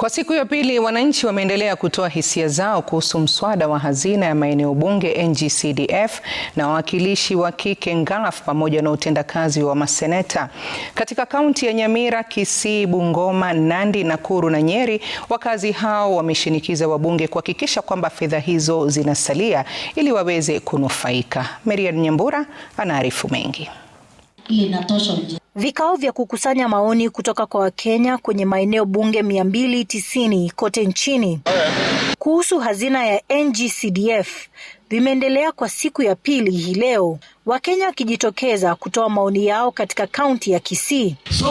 Kwa siku ya pili, wananchi wameendelea kutoa hisia zao kuhusu mswada wa hazina ya maeneo bunge NG-CDF na wawakilishi wa kike NGAAF pamoja na utendakazi wa maseneta. Katika kaunti ya Nyamira, Kisii, Bungoma, Nandi, Nakuru na Nyeri, wakazi hao wameshinikiza wabunge kuhakikisha kwamba fedha hizo zinasalia ili waweze kunufaika. Marian Nyambura anaarifu mengi inatosha ujenzi. Vikao vya kukusanya maoni kutoka kwa Wakenya kwenye maeneo bunge 290 kote nchini kuhusu hazina ya ngcdf vimeendelea kwa siku ya pili hii leo, Wakenya wakijitokeza kutoa maoni yao katika kaunti ya Kisii. So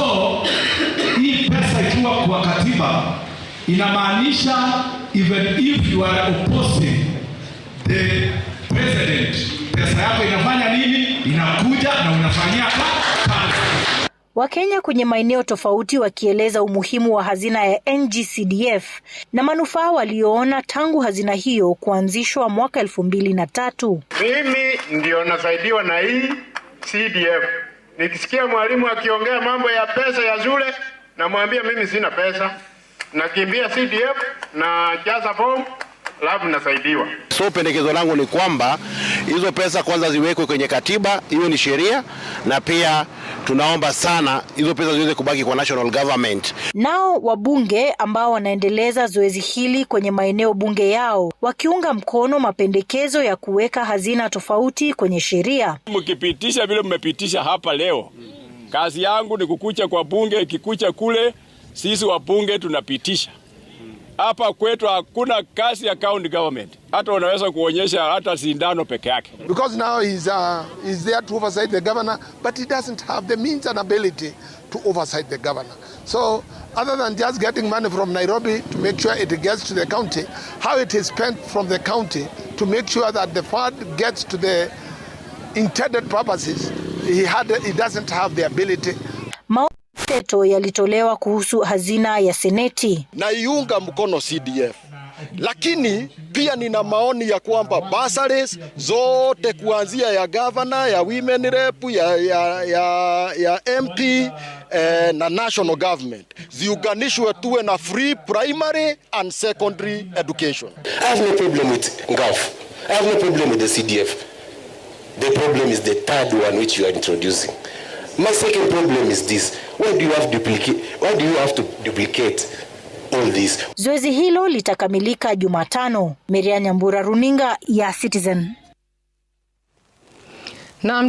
hii pesa ikiwa kwa katiba inamaanisha even if you are opposing the president pesa yako inafanya nini? Inakuja na unafanyia Wakenya kwenye maeneo tofauti wakieleza umuhimu wa hazina ya NGCDF na manufaa walioona tangu hazina hiyo kuanzishwa mwaka elfu mbili na tatu. Mimi ndio nasaidiwa na hii CDF. Nikisikia mwalimu akiongea mambo ya pesa ya shule, namwambia mimi sina pesa, nakimbia CDF na jaza fomu, alafu nasaidiwa. So pendekezo langu ni kwamba Hizo pesa kwanza ziwekwe kwenye katiba, hiyo ni sheria, na pia tunaomba sana hizo pesa ziweze kubaki kwa national government. Nao wabunge ambao wanaendeleza zoezi hili kwenye maeneo bunge yao wakiunga mkono mapendekezo ya kuweka hazina tofauti kwenye sheria. Mkipitisha vile mmepitisha hapa leo, kazi yangu ni kukucha kwa bunge, ikikucha kule, sisi wabunge tunapitisha. Hapa kwetu hakuna kazi ya county government, hata unaweza kuonyesha hata sindano peke yake. Because now he's, uh, he's there to oversight the governor but he doesn't have the means and ability to oversight the governor. So other than just getting money from Nairobi to make sure it gets to the county, how it is spent from the county to make sure that the fund gets to the intended purposes, he, had, he doesn't have the ability teto yalitolewa kuhusu hazina ya Seneti. Naiunga mkono CDF, lakini pia nina maoni ya kwamba basares zote kuanzia ya gavana ya women rep ya, ya, ya, ya MP eh, na national government ziunganishwe tuwe na free primary and secondary education. I have no problem with I have no problem with the CDF. The problem is the third one which you are introducing. My second problem is this. Why do you have duplicate? Why do you have to duplicate all this? Zoezi hilo litakamilika Jumatano. Maria Nyambura, Runinga ya Citizen. Na